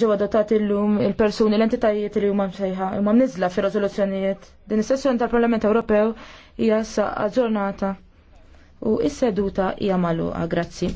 ġew adottati llum il-persuni l-entitajiet li huma msejħa huma nizla fi riżoluzzjonijiet. Din is-sessjoni tal-Parlament Ewropew hija issa u s-seduta hija magħluqa. Grazzi.